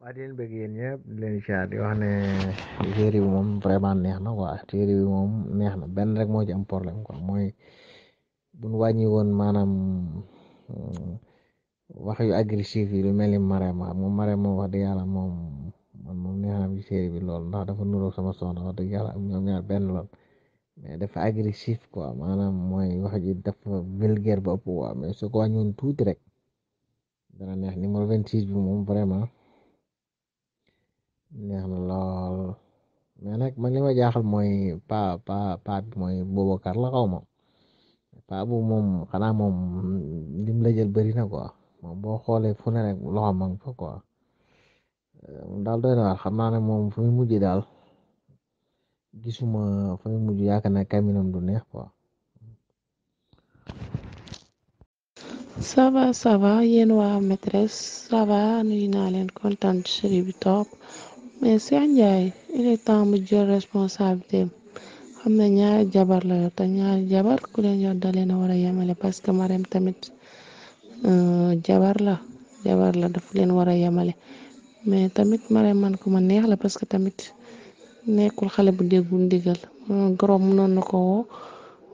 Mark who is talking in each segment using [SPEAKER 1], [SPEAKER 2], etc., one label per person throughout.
[SPEAKER 1] waa di leen bëgg yéen ñëpp di leen di wax ne
[SPEAKER 2] série bi moom vraiment neex na quoi série bi moom neex na benn rek moo ci am problème ko mooy buñ wàññi woon maanaam mm, wax yu agressif yi lu mel ni Marème moom mare moom wax dëgg yàlla moom man moom neex na ci bi lool ndax dafa nuroog sama soxna wax dëgg yàlla ñoom ñaar benn lool mais dafa agressif quoi maanaam mooy wax ji dafa vulgaire ba ëpp quoi mais su ko tuuti rek dana neex numéro 26 bi moom vraiment. neex na lool mais nag man li ma jaaxal mooy pa pa pa bi mooy Boubacar la xaw ma pa bu mom xanaa moom lim la jël bëri na quoi moom boo xoolee fu ne rek fa quoi euh, daal doy na waar xam naa ne moom fu mu mujj daal gisuma fu mu mujj yaakaar naa kaminam du neex quoi.
[SPEAKER 3] ça va ça va yéen waa maîtresse ça va nuyu naa mais Cheikh Ndiaye il est temps mu jël responsabilité xam ne ñaari jabar la yor te ñaari jabar ku leen yor da leen a war a yemale parce que Marème tamit euh, jabar la jabar la daf leen war a yemale mais tamit Marème man ko ma neex la parce que tamit nekkul xale bu déggul ndigal euh, goro mënoon na ko woo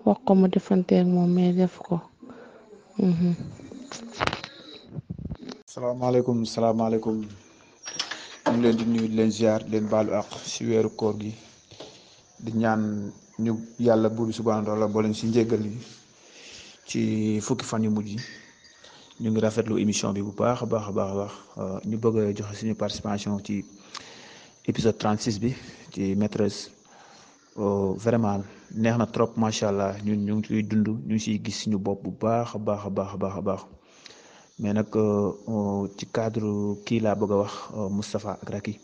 [SPEAKER 3] wax ko mu defanteeg moom mais def ko. Mhm.
[SPEAKER 4] salaamaaleykum salaamaaleykum. ñu leen di nuyu leen ziar leen baalu àq si weeru koor gi di ñaan ñu yàlla buur bi subhaanahu wa taala boo leen si njéggal yi ci fukki fan yu mujj yi ñu ngi rafetlu émission bi bu baax a baax a baax baax euh, ñu bëgg a joxe suñu participation ci épisode 36 bi ci maîtresse euh, vraiment neex na trop macha allah ñun ñu ngi ciy dund ñu ngi siy gis suñu bopp bu baax a baax a baax a baax. mais nag euh, euh, ci cadre kii laa bëgg a wax euh, Moustapha ak Racky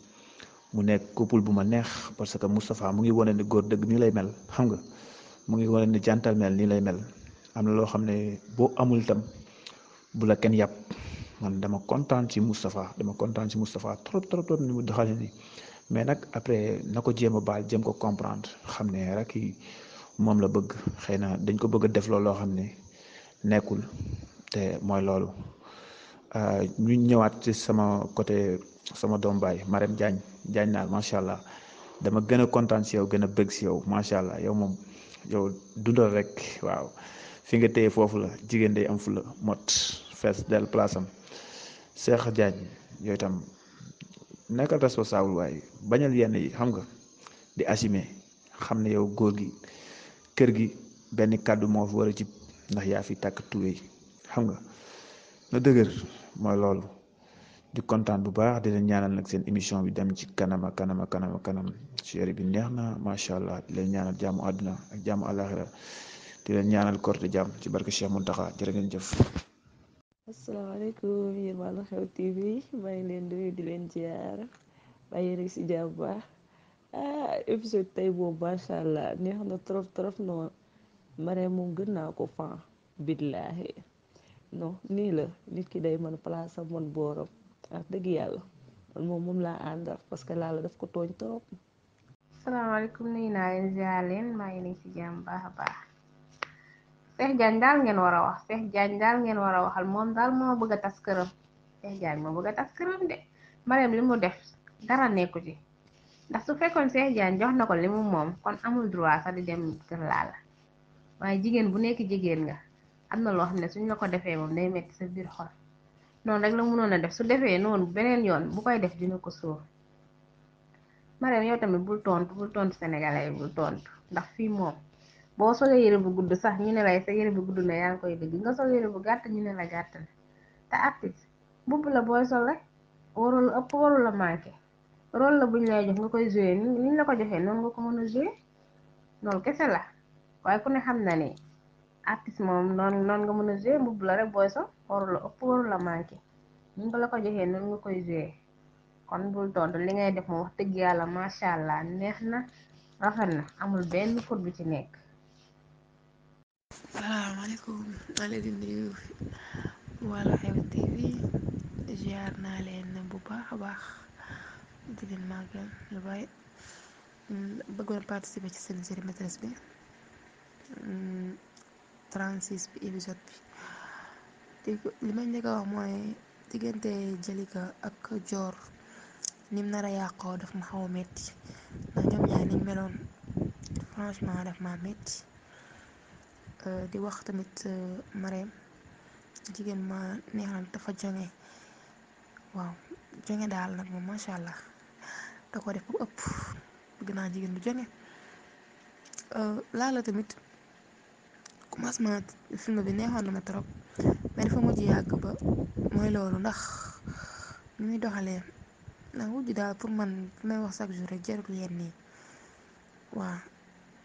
[SPEAKER 4] mu nekk couple bu ma neex parce que Moustapha mu ngi wane ni góor dëgg nii lay mel xam nga mu ngi wane ni jantal mel nii lay mel am na loo xam ne boo amul itam bu la kenn yàpp man dama kontaan ci Moustapha dama kontaan ci Moustapha trop trop ni mu doxalee mais nag après na ko jéem a baal jéem ko comprendre xam ne Racky moom la bëgg xëy na dañ ko bëgg a def loolu loo xam ne nekkul te mooy loolu. Euh, ñu ñëwaat ci sama côté sama doom baay Marème Diagne Diagne naal macha allah dama gën a kontaan si yow gën a bëgg si yow macha allah yow moom yow dundal rek waaw fi nga téye foofu la jigéen day am fu la mot fees dell place am Cheikh Diagne yooyu tam nekkal responsable waaye bañal yenn yi xam nga di assumer xam ne yow góor gi kër gi benn kàddu moo fi war a jib ndax yaa fi tàkk tuwéy xam nga na dëgër mooy loolu di kontaan bu baax di leen ñaanal nag seen émission bi dem ci kanama kanama kanama kanam série bi neex na macha allah di leen ñaanal jaamu àdduna ak jaamu àllaaxira di ñaanal korte jàmm ci barke Cheikh Mountakha jërë ngeen jëf.
[SPEAKER 5] asalaamaaleykum yéen Xew TV maa ngi leen di di leen ziar bàyyi rek si jàmm baax ah épisode tey boobu macha allah neex na trop trop noonu Marème moom gën naa ko fan billaahi non nii la nit ki day mën place am man booram wax dëgg yàlla man moom moom laa àndal parce que laala daf ko tooñ trop.
[SPEAKER 6] salaamaaleykum nuyu naa leen ziar leen maa ngi leen ci jàmm baax baax Cheikh Diagne daal ngeen war a wax Cheikh Diagne daal ngeen war a waxal moom daal moo bëgg a tas këram Cheikh Diagne moo bëgg a tas këram de Marème li mu def dara nekku ci ndax su fekkoon Cheikh Diagne jox na ko li mu moom kon amul droit sax di dem kër laala waaye jigéen bu nekk jigéen nga. am na loo xam ne suñ la ko defee moom day metti sa biir xol noonu rek la mënoon a def su defee noonu beneen yoon bu koy def dina ko sóor Marème yow tamit bul tontu bul tontu sénégalais yi tontu ndax fii moom boo solee yére bu gudd sax ñu ne lay sa yére bu na yaa koy dëgg nga sol yére bu gàtt ñu ne la gàtt te artiste mbubb la booy sol rek warul ëpp warul la manqué rôle la buñ lay jox nga koy joué ni ñu la ko joxee noonu nga ko mën a joué loolu kese la waaye ku ne xam na ni artiste moom noonu noonu nga mën a jouer mbubb la rek booy sax waru la ëpp waru la manqué ñu nga la ko joxee noonu nga koy jouer kon bul tontu li ngay def moom wax dëgg yàlla macha allah neex na rafet na amul benn fóot bu ci nekk. salaamaaleykum
[SPEAKER 3] maa leen bu baax baax di leen màggal mm, bi. Mm, 36 bi épisode bi li mañ njëkk a wax mooy diggante Jalika ak Joor nim nar yàqoo daf ma xaw metti ndax ñoom ñaar meloon franchement daf ma metti euh, di wax tamit euh, mareem jigéen ma neexam dafa jonge waaw jonge daal nag moom macha allah da ko def ëpp bëgg naa jigéen bu jonge euh, laala tamit commencement film bi neexoon na ma trop mais dafa mujj yàgg ba mooy loolu ndax mu muy doxalee ndax wujj daal pour man fi may wax chaque jour rek jarul yenn yi waaw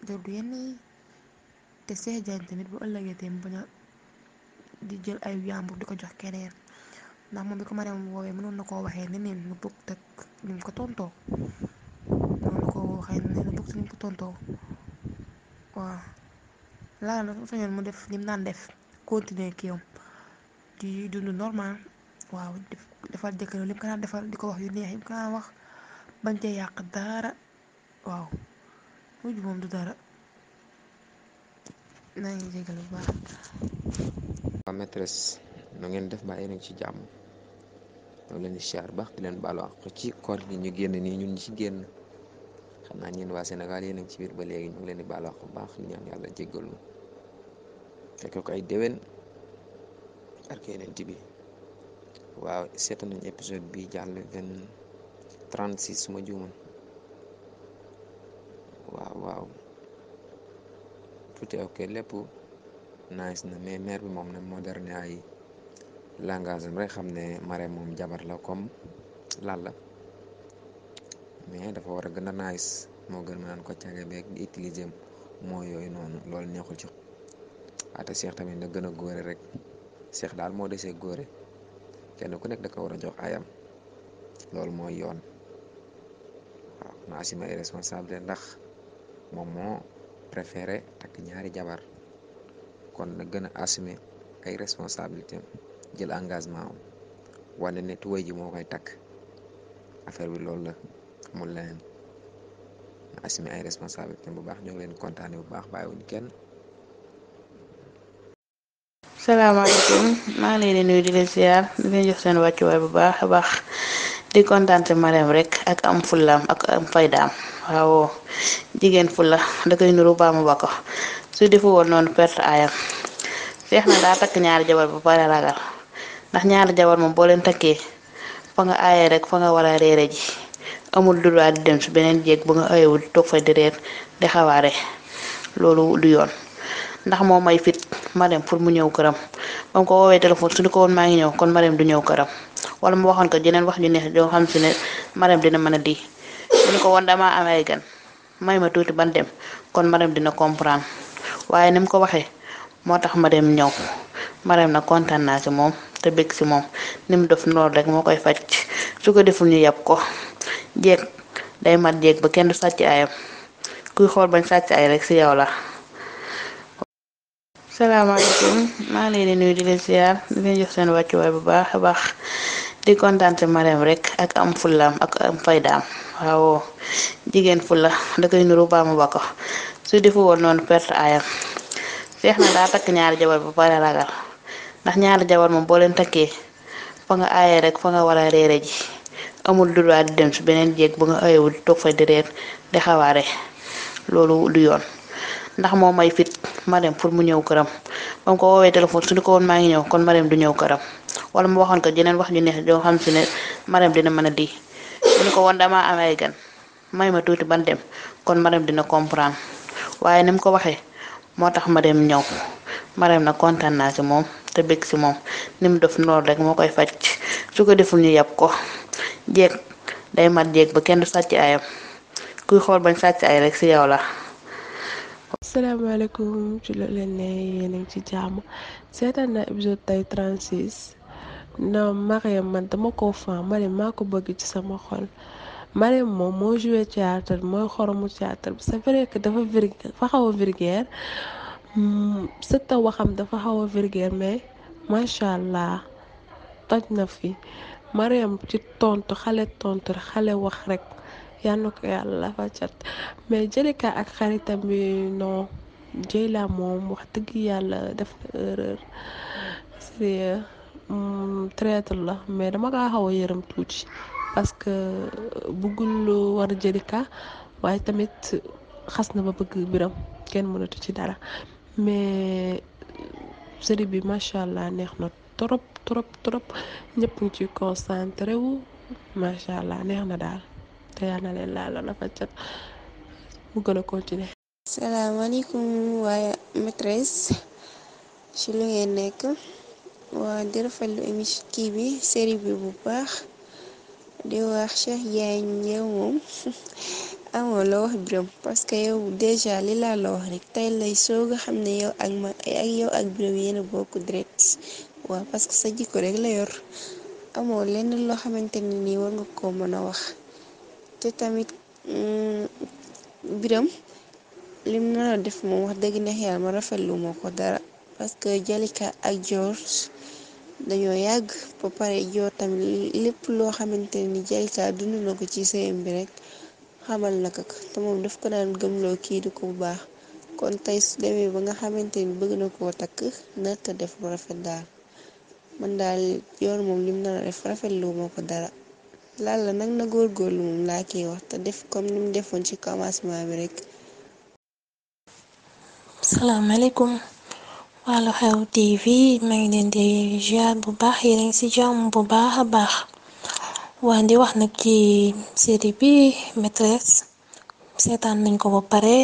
[SPEAKER 3] jarul te Cheikh Diagne tamit bu ëllëgee tamit bañ a di jël ay yàmbur di ko jox keneen ndax moom bi ko ma Mariam woowee mënoon na koo waxee neneen nu bokk teg ni mu ko tontoo mënoon na koo waxee neneen nu bokk ni mu ko tontoo waaw. Lalla dafa sañoon mu def lim naan def continuer ki yam di dund normal waaw defal jëkkëram lim ko daan defal di ko wax yu neex yi mu ko daan wax bañ cee yàq dara waaw mujj moom du dara naa ngi jégal bu baax.
[SPEAKER 2] waa nu ngeen def mbaa yéen ci jàmm ñoo leen di siyaar baax di leen baalu àq ci koor gi ñu génn nii ñu ñi ci génn. xam naa ñiin waa Sénégal yéen a ci biir ba léegi ñu ngi leen di baal bu baax ñu ñaan yàlla jéggal ñu ko ay déwén ak yeneen ci bi waaw seetu nañ épisode bi jàll vingt suma six su ma juumoon waaw waaw tout ok lépp nice na mais mère bi moom na moderne ay langage am rek xam ne mare moom jabar la comme lan la mais dafa war a gën a nice moo gën ma ne ko cage beeg di utiliser moo yooyu noonu loolu neexul ci waate seex tamit na gën a góore rek seex daal moo desee góore kenn ku nekk da ko war a jox ayam loolu mooy yoon waaw na assumé ay responsabilité ndax moom moo préféré takk ñaari jabar kon na gën a assumé ay responsabilité jël engagement am wane ne tuway ji moo koy takk affaire bi loolu la mu leneen bu baax ñoo ngi kontaane bu baax bàyyiwuñ kenn.
[SPEAKER 7] maa ngi leen di nuyu di leen ziar di leen jox seen wàccuwaay bu baax a baax di kontaan te Marème rek ak am fullaam ak am faydaam waaw jigéen fulla da koy nuru ba mu bako su defu woon noonu perte ayam seex daa takk ñaari jabar bu pare ragal ndax ñaari jabar moom boo leen takkee fa nga aayee rek fa nga war a ji amul lu di dem si beneen jéeg bu nga ayewul toog fa di reer xawaare loolu du yoon ndax moo may fit Marème pour mu ñëw këram ba mu ko su ñu ko woon maa ngi ñëw kon Marème du ñëw këram wala mu waxoon ko jeneen wax ju neex joo xam si ne Marème dina mën a di su ñu ko woon damaa am gan may ma tuuti ban dem kon Marème dina comprendre waaye ni ko waxee moo tax ma Marème ñëw Marème nag kontaan naa si moom te bëgg si moom ni mu def noonu rek moo koy faj su ko deful ñu yàpp ko. jéeg day mat jéeg ba kenn du sàcc ayam kuy xool bañ sàcc ay rek si yow la salaamaaleykum maa ngi leen di nuyu di leen siyaar di leen seen wàccuwaay bu baax a baax di kontaante Marème rek ak am fullaam ak am faydaam waaw jigéen fulla da koy nuru baamu ba ko su defu woon noonu perte ayam seex daa takk ñaari jabar ba pare ragal ndax ñaari jabar moom boo leen takkee fa nga aayee rek fa nga war a ji amul droit di dem si beneen jéeg bu nga ayewul toog fa di reer xawaare loolu du yoon ndax moo may fit Marème pour mu ñëw këram ba mu ko woowee téléphone su ñu ko woon maa ngi ñëw kon Marème du ñëw këram wala mu waxoon ko jeneen wax ju neex joo xam si ne Marème dina mën a di su ñu ko woon damaa am ay gan may ma tuuti ban dem kon Marème dina comprendre waaye ni ko waxee moo tax ma Marème ñëw. Marème nag kontaan naa ci moom te bëgg si moom ni mu def noonu rek moo koy faj su ko deful ñu yàpp ko jéeg day mat jéeg ba kenn du sàcc ayam kuy xool bañ sàcc ay rek si yow la.
[SPEAKER 8] asalaamaaleykum ci loolu leen ne a ngi ci jàmm seetaan na épisode tey 36 non Marème man dama ko fan Marème maa ko bëgg ci sama xol. Marème moom moo joué théâtre mooy xoromu théâtre bi c'est vrai que dafa vir dafa xaw a vulgaire Hmm, sëtta waxam dafa xaw a vulgaire mais macha allah toj na fi Mariam ci tontu xale tontu xale wax rek yal na ko yàlla lafa cat mais Jalika ak xaritam bi non Jeyla moom wax dëgg yàlla def na erreur hmm, la mais dama kaa xaw a yërëm tuuti parce que euh, bëggul lu war ka waaye tamit xas na ba bëgg biram kenn mënatu ci dara mais série bi macha allah neex na trop trop trop ñëpp ñu ci concentré wu macha allah neex na daal te yaa na leen laal na fa cat mu gën a continuer.
[SPEAKER 9] salaamaaleykum waaye maîtresse ci lu ngeen nekk waa di rafetlu émission kii bi série bi bu baax di wax Cheikh Ndiaye moom. amoo ah, la wax biram parce que yow déjà li laa la wax rek tey lay soo a xam ne yow ak ma ak yow ak biram yéen bokk direct waaw parce que sa jikko rek la yor amoo lenn loo xamante ni nii war nga ko mën a wax te tamit mm, biram lim nana def moom wax dëgg neex yàlla ma rafetlu ma ko dara parce que Jalika ak George dañoo yàgg ba pare George tamit lépp loo xamante ni Jalika dund na ko ci sëyam bi rek xamal la ko te moom daf ko daan gëmloo kii du ko bu baax kon tey su demee ba nga xamante ni bëgg na koo takk nar ta def lu rafet daal mën daal yoon moom lim nar a def rafetlu ma ko dara laal la nag na góorgóorlu moom laa kiy wax te def comme ni defoon ci commencement bi rek.
[SPEAKER 10] salaamaaleykum wàllu xew TV maa ngi leen bu baax yéen a ci jàmm bu baax a baax. waaye wax nag ci série bi maîtresse seetaan nañ ko ba pare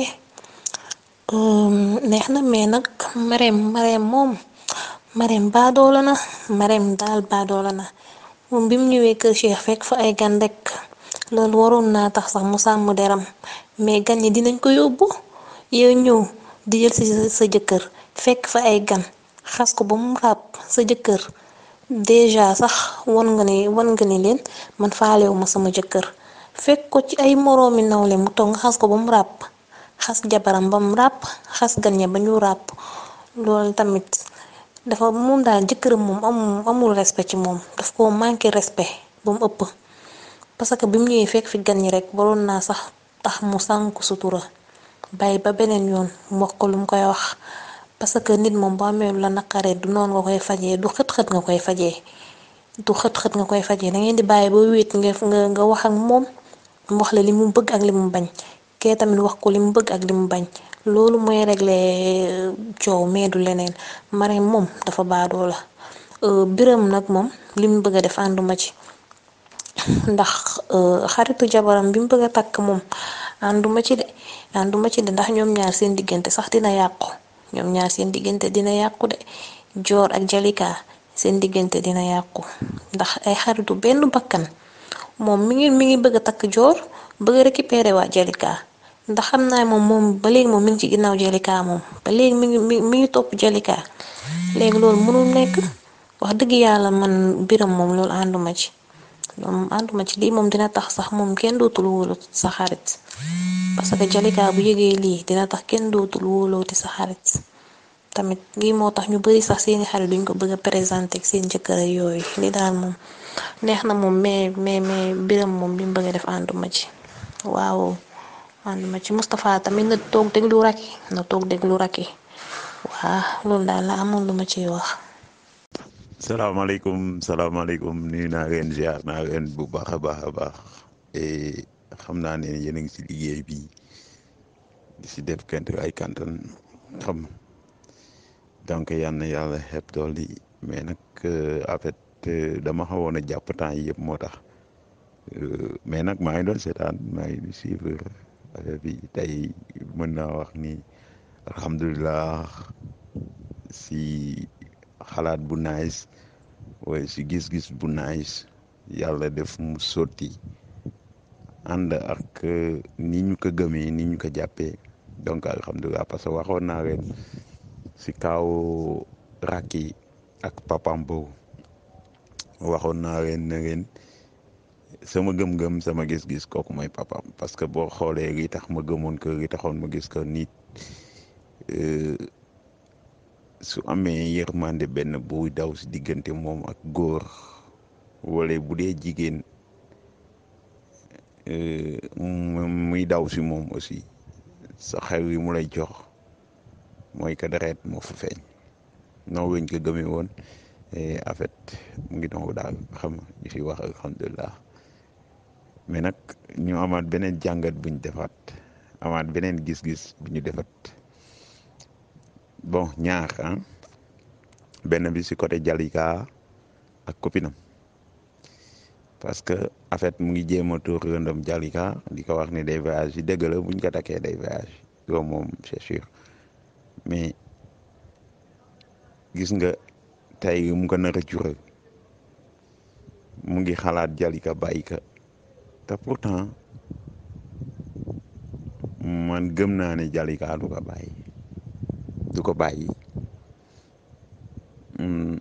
[SPEAKER 10] neex na mais nag Marème Marème moom Marème baadoola na Marème daal baadoola na moom bi mu ñëwee kër Cheikh fekk fa ay gan rek loolu waroon naa tax sax mu sàmm deram mais gan yi dinañ ko yóbbu yow ñëw di jël si sa jëkkër fekk fa ay gan xas ko ba mu ràbb sa jëkkër. déjà sax wan nga ne wan nga ni leen man faalewu ma sama jëkkër fekk ko ci ay moroomi nawle mu tong xas ko ba mu ràpp xas jabaram ba mu ràpp xas gan ña ba ñu ràpp loolu tamit dafa moom daal jëkkëram moom amul amul ci moom daf koo manqué respe ba mu ëpp parce que bi mu ñëwee fekk fi gan ñi rek waroon naa sax tax mu sànku sutura bàyyi ba beneen yoon mu wax ko lu mu koy wax parce que nit moom bu amee la naqaree du noonu nga koy fajee du xët-xët nga koy fajee du xët-xët nga koy fajee da ngeen di bàyyi ba wéet nga nga wax ak moom mu wax la li mu bëgg ak li mu bañ kee tamit wax ko li mu bëgg ak li mu bañ loolu mooy régler euh, coow mais du leneen Marème moom dafa baadoo la euh, Biram nag moom li mu bëgg a def ànduma ci ndax euh, xaritu jabaram bi mu bëgg a takk moom ànduma ci de ànduma ci de ndax ñoom ñaar seen diggante sax dina yàqu. ñoom ñaar seen diggante dina yàqu de joor ak jalika seen diggante dina yàqu ndax ay xaritu benn bakkan moom mu ngi mu ngi bëgg a takk joor bëgg a récupérer waa jalika ndax xam naa moom moom ba léegi moom mi ngi ci ginnaaw jalika moom ba mi ngi mi ngi topp jalika léegi loolu mënul nekk wax dëgg yàlla man biram moom loolu ànduma ci loolu moom ànduma ci lii moom dina tax sax moom kenn dootul wóolu sa xarit parce que Jalika bu yëgee lii dina tax kenn dootul wóolooti sax xarit tamit lii moo tax ñu bari sax seeni xarit duñ ko bëgg a présenter seen jëkkër yooyu li daal moom neex na moom mais mais mais moom li mu bëgg a def ànduma ci waaw ànduma ci Moustapha tamit na toog déglu Racky na toog déglu Racky waaw loolu daal la amoon lu ma ciy wax.
[SPEAKER 11] salaamaaleykum salaamaaleykum nuyu naa leen ziar naa leen bu baax a eh, baax a baax. xam naa ne yéen a ngi ci liggéey bi di si def kent ay kantan xam donc yal na yàlla xeeb dool yi mais nag euh, en fait euh, dama xawoon a jàpp temps yëpp moo tax euh, mais nag maa ngi doon seetaan maa ngi di suivre affaire bi tey mën naa wax ni alhamdulilah si xalaat bu nice waaye si gis-gis bu nice yàlla def mu sotti ànd ak euh, ni ñu ko gëmee ni ñu ko jàppee donc alhamdulilah parce que waxoon naa leen si kaw Racky ak papam boobu waxoon naa leen ne sama gëm-gëm sama gis-gis kooku mooy papam parce que boo xoolee li tax ma gëmoon ko li taxoon ma gis ko nit euh, su amee yërmande benn buy daw si diggante moom ak góor wala bu dee jigéen Euh, muy daw si moom aussi sa xew yi mu lay jox mooy que deret moo fa feeñ noo weñ ko gëmee woon en fait mu ngi doon daal xam nga di fi wax alhamdulilah mais nag ñu amaat beneen jàngat buñ defaat amaat beneen gis-gis bu ñu defaat bon ñaar benn bi si côté Jalika ak copinam parce que en fait mu ngi jéem a tuur yondom Jalika di ko wax ne day voyage yi dëgg la buñ ko takkee day voyage moom c'est sûr mais gis nga tey mu ko na a jural mu ngi xalaat Jalika bàyyi ka te pourtant man gëm naa ne Jalika du ko bàyyi du ko bàyyi hmm,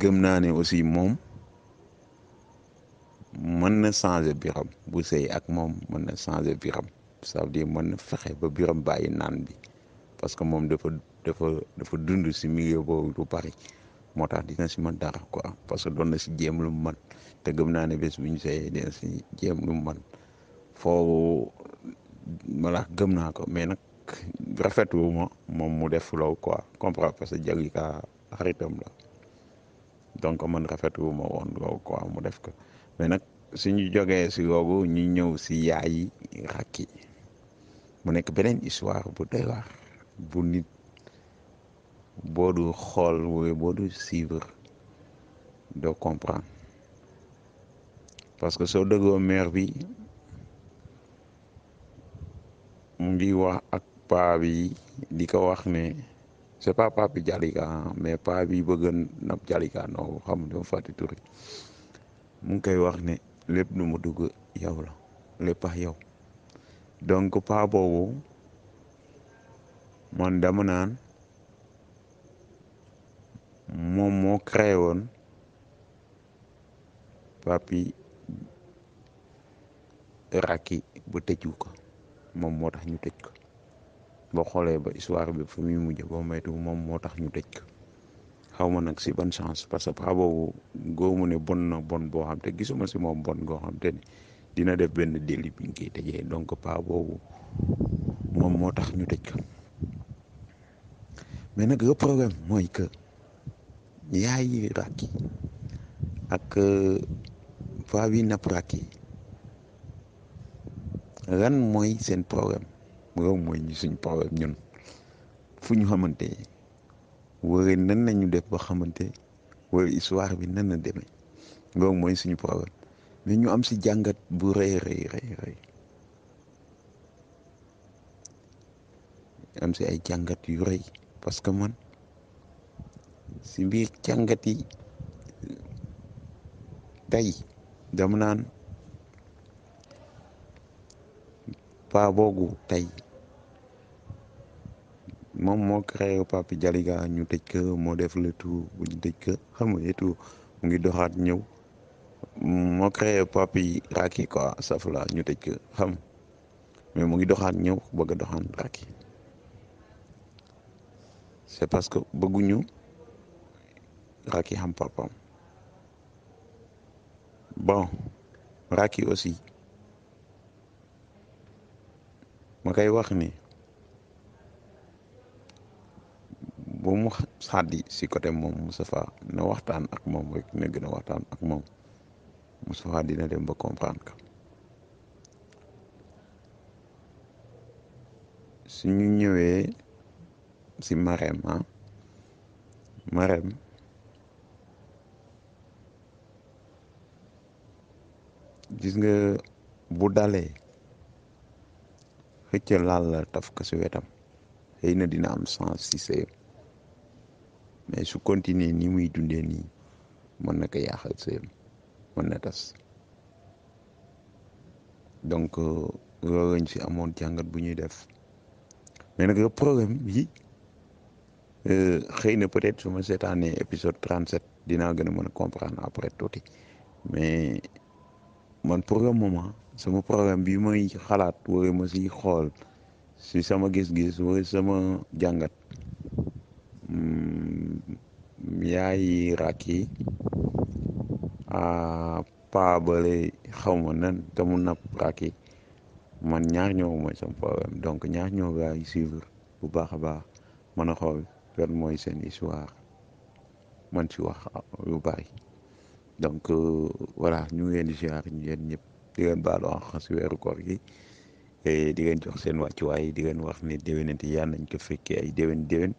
[SPEAKER 11] gëm naa ne aussi moom mën na changer biram bu sëy ak moom mën na changer biram sa veut mën na fexe ba biram bàyyi naan bi parce que moom dafa dafa dafa dund si milieu boobu lu bari moo tax dina si man dara quoi parce que doon na si jéem lu mu mën te gëm naa ne bi bu ñu sëyee dina si jéem lu mu mën foofu mala gëm naa ko mais nag rafetlu ma moom mu def loolu quoi comprendre parce que Jalika xaritam la donc man rafetlu ma woon loolu quoi mu def ko. mais nag suñu jógee si googu ñu ñëw si yaayi rakki mu nekk beneen histoire bu doy waar bu nit boo du xool wooyu boo doo comprendre parce que soo dëggoo mère bi mu ngi wax ak paa bi ko wax ne c'est pas paa bi Jalika mais paa bi bëgg na Jalika xam nga dafa fàtte mu ngi koy wax ne lépp nu mu dugg yow la lépp ax yow donc paa boobu man dama naan moom moo créé woon papi Racky ba tëju ko moom moo tax ñu tëj ko boo xoolee ba histoire bi fa muy mujj boo moytu moom moo tax ñu tëj xaw ma nag si ban chance parce que paa boobu góomu ne bon na bon boo xam te gisuma si moom bon goo xam te ni dina def benn délit bi ñu koy tëjee donc paa moom moo tax ñu tëj mais nag le problème mooy que yaayi rakk yi ak paa euh, bi napp rakk yi lan mooy seen problème loolu mooy suñ problème ñun fu ñu xamante wala nan la ñu def ba xamante wala histoire bi nan na demee loolu mooy suñu problème mais ñu am si jàngat bu rëy rëy rëy rëy am si ay jàngat yu rëy parce que man si biir jàngat yi tey dama naan paa boogu tey. moom moo créé Papi Dialiga ñu tëj ko moo def le tout ñu tëj ko xam nga tout mu ngi doxaat ñëw moo créé Papi Racky quoi safla ñu tëj ko xam mais mu ngi doxaat ñëw bëgg a doxaan Racky c'est parce que bëgguñu Racky xam papam bon Racky aussi ma koy wax ni bu mu xaddi si côté moom Moustapha na waxtaan ak moom rek na gën a waxtaan ak moom Moustapha dina dem ba comprendre que suñu ñëwee si Marème ah Marème gis nga bu dalee xëcc laal taf ko si wetam xëy na dina am sens si sëyam mais su continuer ni muy dundee nii mën na ko yaaxal sëyam mën na tas donc euh, loolu lañ fi amoon jàngat bu ñuy def mais nag le problème yi euh, xëy na peut-être su ma seetaanee épisode 37 dinaa gën a mën a comprendre après tuuti mais man pour le moment sama problème bi may xalaat wala ma si xool si sama gis-gis wala sama jàngat yaayi Racky paa bële xaw ma nan te mu napp man ñaar ñoo mooy sama problème donc ñaar ñoo gaay suivre bu baax a baax mën a xool fen mooy seen histoire man ci wax lu bari donc euh, voilà ñu ngi leen di ziar ñu leen ñëpp di leen baalu àq si weeru koor gi di leen jox seen wàccuwaay di leen wax ni déwénati yàlla nañ ko fekkee ay déwén déwén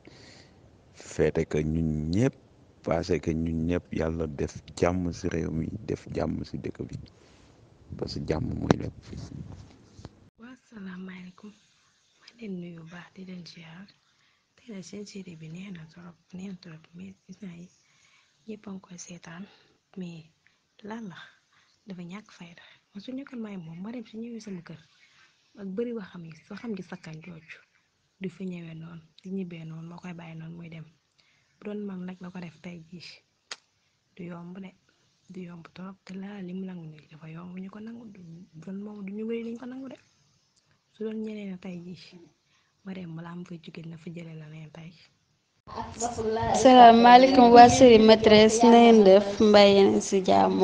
[SPEAKER 11] feete que ñun ñëpp. parce que ñun ñëpp yàlla def jàmm si réew mi def jàmm si dëkk bi parce que jàmm mooy lépp.
[SPEAKER 12] waa salaamaaleykum baax di leen ziar tey bi neex na trop neex gis naa yi a ngi koy seetaan mais lan la dafa ñàkk fayda man su ñëkkal may moom ma dem su ñëwee sama kër ak bëri xam yi soo xam gi sakkan jooju du fi ñëwee noonu di ñibbee noonu moo koy bàyyi noonu muy dem. bu doon man nag la ko def tey jii du yomb de du yomb trop te laa lim nangu nii dafa yomb ñu ko nang du doon moom du ñu ko nangu de su doon ñeneen a tey jii
[SPEAKER 6] Marème balaa mu fay jóge na fa jële la neen tey. asalaamaaleykum waa série maîtresse na ngeen def
[SPEAKER 9] mbay yéen si jàmm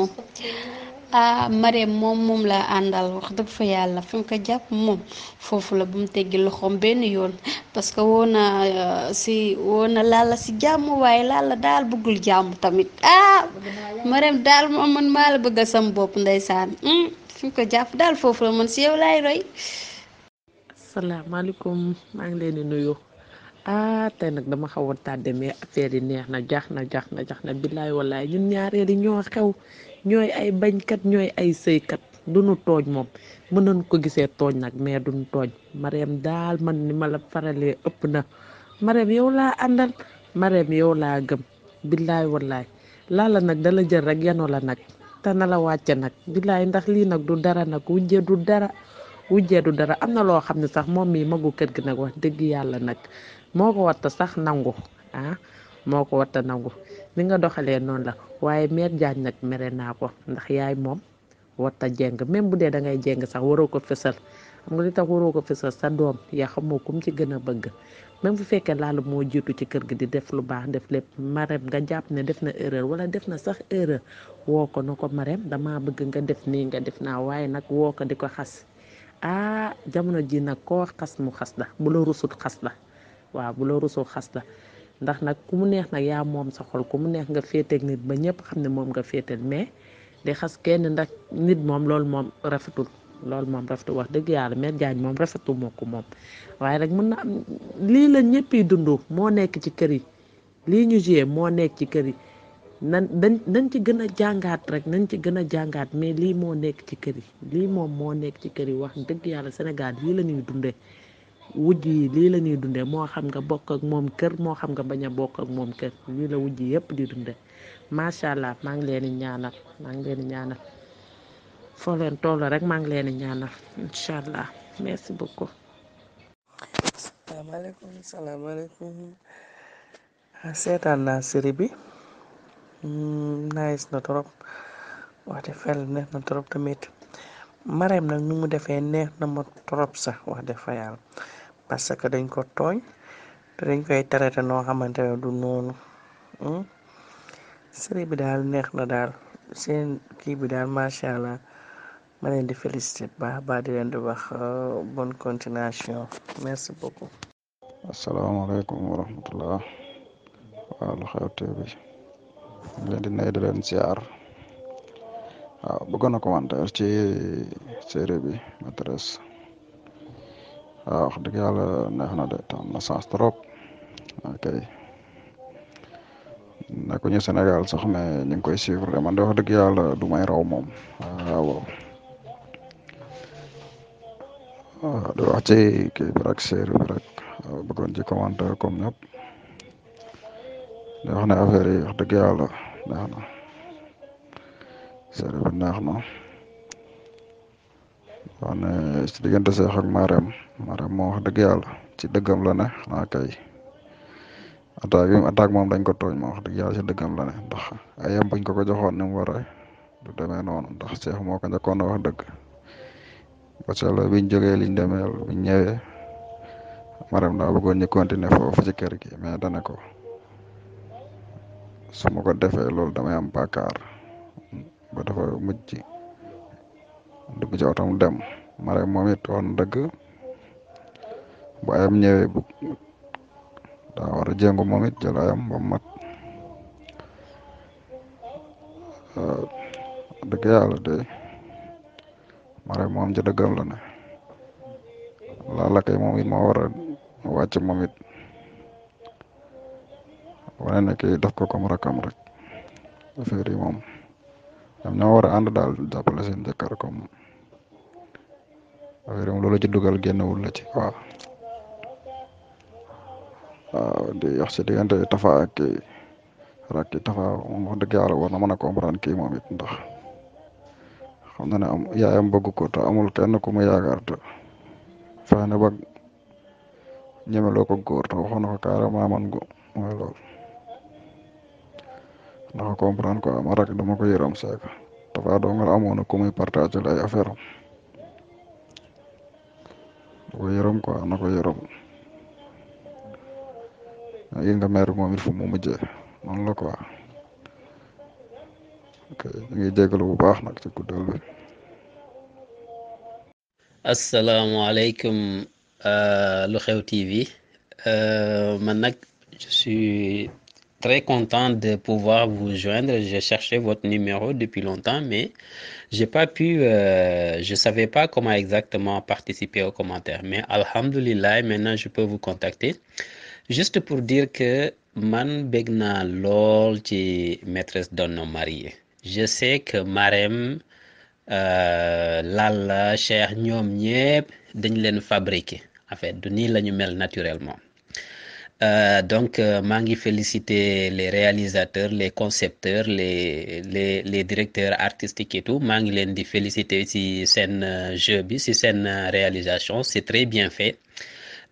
[SPEAKER 9] ah Marème moom moom laa àndal wax dëgg fa yàlla fi mu ko jàpp moom foofu la bu mu teggi loxoom benn yoon parce que woo na ah, si woo na Lalla si jàmm waaye Lalla daal bëggul jàmm tamit ah Marème daal moom man maa la bëgg a sam bopp ndeysaan hmm, fi mu ko jàpp daal foofu la man si yow laay roy.
[SPEAKER 5] asalaamaaleykum maa ngi leen di nuyu ah tey nag dama xaw a tàddee mais affaire yi neex na jax na jax na jax na billaay wallaay ñun ñaareel ñoo xew. ñooy ay bañkat ñooy ay sëykat nu tooñ moom mën nañ ko gisee tooñ nag mais duñu tooñ mareem daal man ni ma la faralee ëpp na mareem yow laa àndal mareem yow laa gëm billaay wallaay la nag dala jël rek yano la nag te na la wàcce nag billaay ndax lii nag du dara nag wujje du dara wujje du dara am na loo xam ne sax moom mii magu kër gi nag wax dëgg yàlla nag moo ko watta sax nangu ah moo ko watta nangu ni nga doxalee noonu la waaye meer jaañ nag mere naa ko ndax yaay moom warta jeng même bu dee da ngay jeng sax waroo ko fësal xam nga li tax waroo ko fësal sa doom yaa xamoo kom ci gën a bëgg même bu fekkee laal moo jiitu ci kër gi di def lu baax def lépp marem nga jàpp ne def na erreur wala def na sax woo ko na ko marem damaa bëgg nga def nii nga def naa waaye nag woo ko di ko xas ah jamono ji nag koo xas mu xas la bu la rusul xas la waaw bu la rusul xas la ndax nag ku mu neex nag yaa moom sa xol ku mu neex nga féeteeg nit ba ñëpp xam ne moom nga féetal mais di xas kenn ndax nit moom lool moom rafetul loolu moom rafetul wax dëgg yàlla mais jaañ moom rafetul moo ko moom waaye rek mën na am lii la ñëpp yi dund moo nekk ci kër yi lii ñu joué moo nekk ci kër yi nan dañ dañ ci gën a jàngaat rek nañ ci gën a jàngaat mais lii moo nekk ci kër yi lii moom moo nekk ci kër yi wax dëgg yàlla Sénégal lii la ñuy dundee wujj yi lii la ñuy dundee moo xam nga bokk ak moom kër moo xam nga bañ a bokk ak moom kër lii la wujj yëpp di dundee macha allah maa ngi leen di ñaanal maa ngi leen di ñaanal foo rek maa ngi leen di ñaanal incha allah merci beaucoup.
[SPEAKER 9] salaamaaleykum salaamaaleykum
[SPEAKER 5] ah, seetaan naa série bi mm, nice na trop wax dëgg na trop tamit. Marème nag nu mu defee neex na ma trop sax wax de fa parce que dañ ko tooñ te dañ koy traité noo xamante du noonu hmm? série bi daal neex na daal seen kii bi daal macha allah ma leen di félicité baax baax di leen di wax euh, bonne continuation merci
[SPEAKER 4] beaucoup.
[SPEAKER 1] asalaamaaleykum wa rahmatullah waaw lu xew TV bi leen di nuyu di leen ziar bëggoon na commentaire ci série bi waaw ah, wax dëgg yàlla neex na de tam na sens trop ok nekkuñu Sénégal sax mais ñu ngi koy suivre de man de wax dëgg yàlla du may raw moom ah, waaw waaw ah, di wax ci kii bi rek séeru bi rek bëggoon ci commentaire comme ñëpp di wax ne affaire yi wax dëgg yàlla neex na séeru bi wax ne si diggante Seex ak Marème Marème moo wax dëgg yàlla ci dëggam la ne xanaa ah, kay attaque bi attaque moom dañ ko tooñ moo wax dëgg yàlla ci dëggam la ne ndax ayam buñ ko ko joxoon ni mu waree du demee noonu ndax Seex moo ko njëkkoon a wax dëgg parce que biñ jógee liñ demee biñ ñëwee Marème daa bëggoon ñu continuer ci kër gi mais dana ko su ma ko defee loolu damay am bàkkaar ba dafa mujj. dugg ci dem ma rek moom it woon dëgg ayam ñëwee bu daa war a jéngu moom it jël ayam ba dëgg yàlla de ma rek moom ci dëggam la ne laala kay moom it moo war a wàcc moom it wane ne kii ko comme rakam rek affaire yi moom ñoom ñoo war a ànd daal jàppale seen jëkkër comme affaire moom loolu ci dugal génnewul la ci waaw waaw di wax si diggante Tafa ak Tafa moom wax yàlla war a comprendre kii moom it ndax xam na ne am yaayam bëgg ko te amul kenn ku mu yaakaar te fexe na ba ñemeloo ko góor te waxoon na ko ndax comprendre quoi ma rak dama ko yëram seek dafa doo nga amoon na ku muy partagé ay affaire am da ko yëram quoi na ko ah, nga maire moom it fu mu mujjee noonu la quoi ok ñu bu baax nag ci guddal bi
[SPEAKER 13] asalaamaaleykum euh, Lu Xew TV euh, man je suis très content de pouvoir vous joindre. J'ai cherché votre numéro depuis longtemps, mais j'ai pas pu, euh, je savais pas comment exactement participer aux commentaire Mais alhamdulillah, maintenant je peux vous contacter. Juste pour dire que man bég naa lool ci maîtresse d'un homme marié. Je sais que Marème euh, Lalla Cheikh ñoom ñëpp dañ leen fabriquer en fait du la ñu mel naturellement. Euh, donc, euh, Mangi féliciter les réalisateurs, les concepteurs, les, les, les directeurs artistiques maa ngi leen di féliciter si seen un euh, jeu, si seen une euh, réalisation, c'est très bien fait.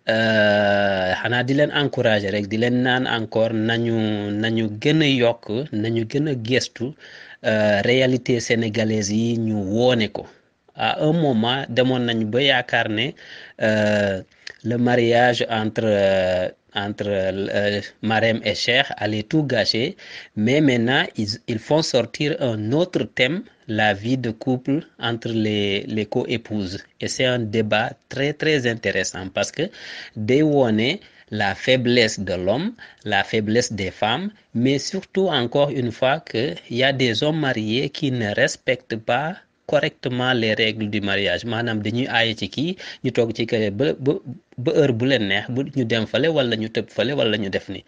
[SPEAKER 13] Euh, xanaa di leen encourager rek di leen naan encore nañu nañu gën a yokk nañu gën a gestu réalité sénégalaise yi ñu woone ko à un moment demoon nañu ba yaakaar ne le mariage entre entre euh, et Cheikh allait tout gâcher, mais maintenant ils, ils, font sortir un autre thème, la vie de couple entre les, les co Et c'est un débat très très intéressant parce que dès on est, la faiblesse de l'homme, la faiblesse des femmes, mais surtout encore une fois qu'il y a des hommes mariés qui ne respectent pas correctement les règles du mariage maanaam dañuy aaye ci kii ñu toog ci kay ba ba ba heure bu leen neex bu ñu dem fale wala ñu tëb fale wala ñu def ni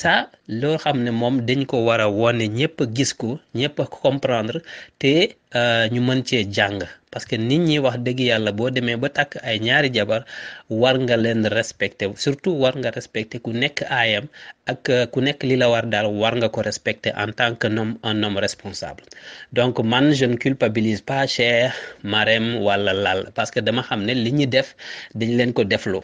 [SPEAKER 13] ça loo xam ne moom dañ ko war a wone ñëpp gis ko ñëpp comprendre te euh, ñu mën cee jàng parce que nit ñi wax dëgg yàlla boo demee ba takk ay ñaari jabar war nga leen respecté surtout war nga respecté ku nekk aayam ak euh, ku nekk li la war daal war nga ko respecté en tant que nom un homme responsable donc man je ne culpabilise pas Cheikh Marème wala Lal parce que dama xam ne li ñu def dañ leen ko defloo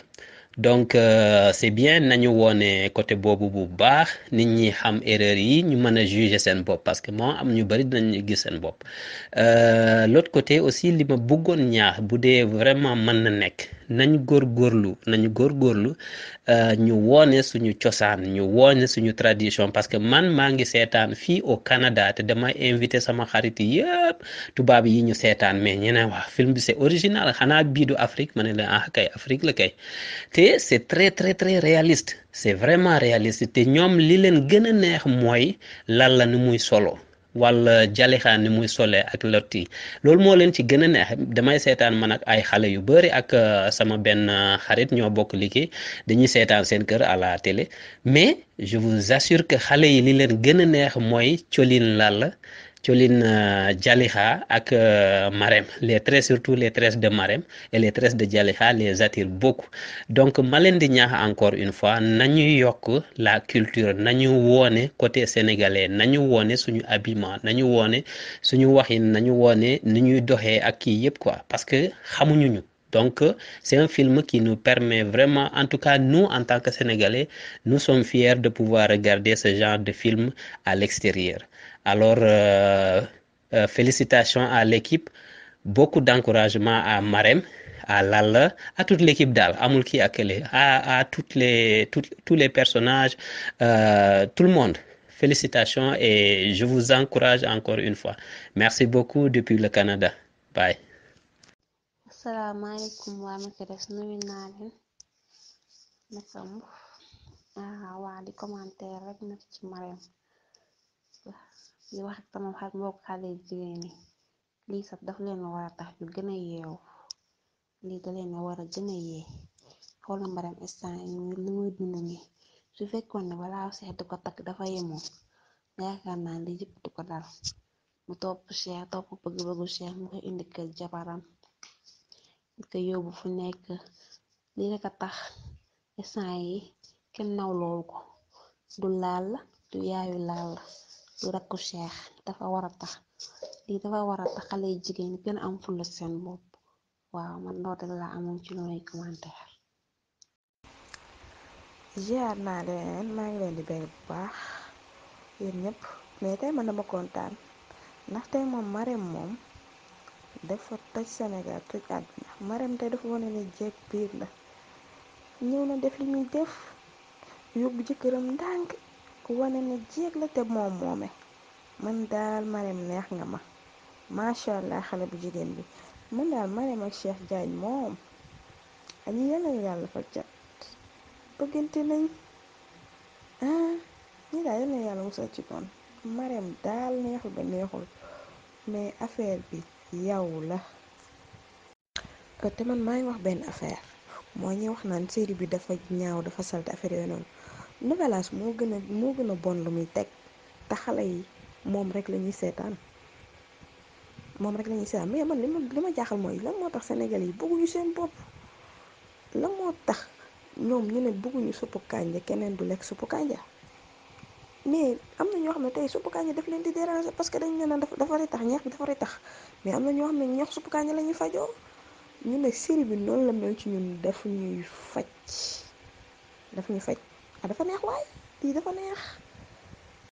[SPEAKER 13] donc euh, c'est bien nañu woone côté boobu bu baax nit ñi xam erreur yi ñu mën a juger seen bopp parce que moo am ñu bëri dinañ gis seen bopp euh, l'autre côté aussi li ma bëggoon ñaax bu dee vraiment mën na nekk nañ góorgóorlu nañu góorgóorlu euh, ñu woone suñu cosaan ñu woone suñu tradition parce que man maa ngi seetaan fii au Canada te dama invité sama xarit yëpp tubaab yi ñu seetaan mais ñu ne waa film bi c'est original xanaa bii du Afrique ma ne la ah kay Afrique la kay te c'est très très très réaliste c'est vraiment réaliste te ñoom li leen gën a neex mooy lan la nu muy solo. wala jalixaan ni muy solee ak lot loolu moo leen ci gën a neex damay seetaan man ak ay xale yu bëri ak euh, sama benn xarit ñoo bokk liggéey dañuy seetaan seen kër à la télé mais je vous assure que xale yi li leen gën a neex mooy colin lalla Colline euh, Dialikha ak euh, Marème les traits surtout les traits de Marème et les traits de Dialikha les attirent beaucoup donc maleen di ñaax encore une fois nañu yokk la culture nañu woone côté sénégalais nañu woone suñu habillement nañu woone suñu waxin nañu woone ni ñuy doxee ak kii yëpp quoi parce que xamuñu ñu donc c'est un film qui nous permet vraiment en tout cas nous en tant que sénégalais nous sommes fiers de pouvoir regarder ce genre de film à l'extérieur Alors, euh, euh, à l'équipe, beaucoup d'encouragement à Marem, à Lalla, à toute l'équipe d'Al, à Moulki Akele, à, à toutes les, toutes, tous les personnages, euh, tout le monde. félicitation et je vous encourage encore une fois. Merci beaucoup depuis le Canada.
[SPEAKER 10] ci wax ak sama xar mbokk xale jigéen yi lii sax daf leen war tax yu gën a yeewu lii da leen war a gën a yee xoola mbaram instant li muy dund ni su fekkoon ne balaa seex du ko takk dafa yemoon yaakaar naa li yëpp di ko dal mu topp seex topp bëgg-bëggu seex mu ko indi kër jabaram di ko yóbbu fu nekk lii rek tax instant yi kenn nawloolu ko du laal du yaayu laal du rakku cheikh dafa war a tax lii dafa war a tax xale yu jigéen gën am fulla
[SPEAKER 12] seen bopp ma man loolu la am ci lu may commentaire ziar naa leen maa ngi leen di bu baax yéen ñëpp mais tey man dama kontaan ndax tey moom Marème moom dafa toj Sénégal toj àdduna Marème tey dafa wane ne jeeg biir la ñëw na def li muy def yóbbu jëkkëram ndànk wane ne jéeg la te moom moome man daal Marème neex nga ma macha allah xale bu jigéen bi mën daal Marème ak Cheikh jaañ moom añu yàlla yàlla fa cat bëggante nañ ah ñi daal musal ci kon Marème daal neexul ba neexul mais affaire bi yow la te man maa ngi wax benn affaire moo ñuy wax naan série bi dafa ñaaw dafa salte affaire yooyu noonu Nouvelle moo gën a moo gën a bon lu muy teg te xale yi moom rek la ñuy seetaan moom rek la ñuy seetaan mais man li ma li ma jaaxal mooy lan moo tax Sénégal yi bëgguñu seen bopp lan moo tax ñoom ñu ne bëgguñu suppu kànja keneen du lekk suppu kànja mais am na ñoo xam ne tey suppu kànja daf leen di déranger parce que dañ ne naan dafa tax ñeex bi dafa tax mais am na ñoo xam ne ñeex suppu kànja la ñuy fajoo ñu ne série bi noonu la mel ci ñun daf ñuy faj daf ñuy faj. Ah, dafa neex waay lii dafa neex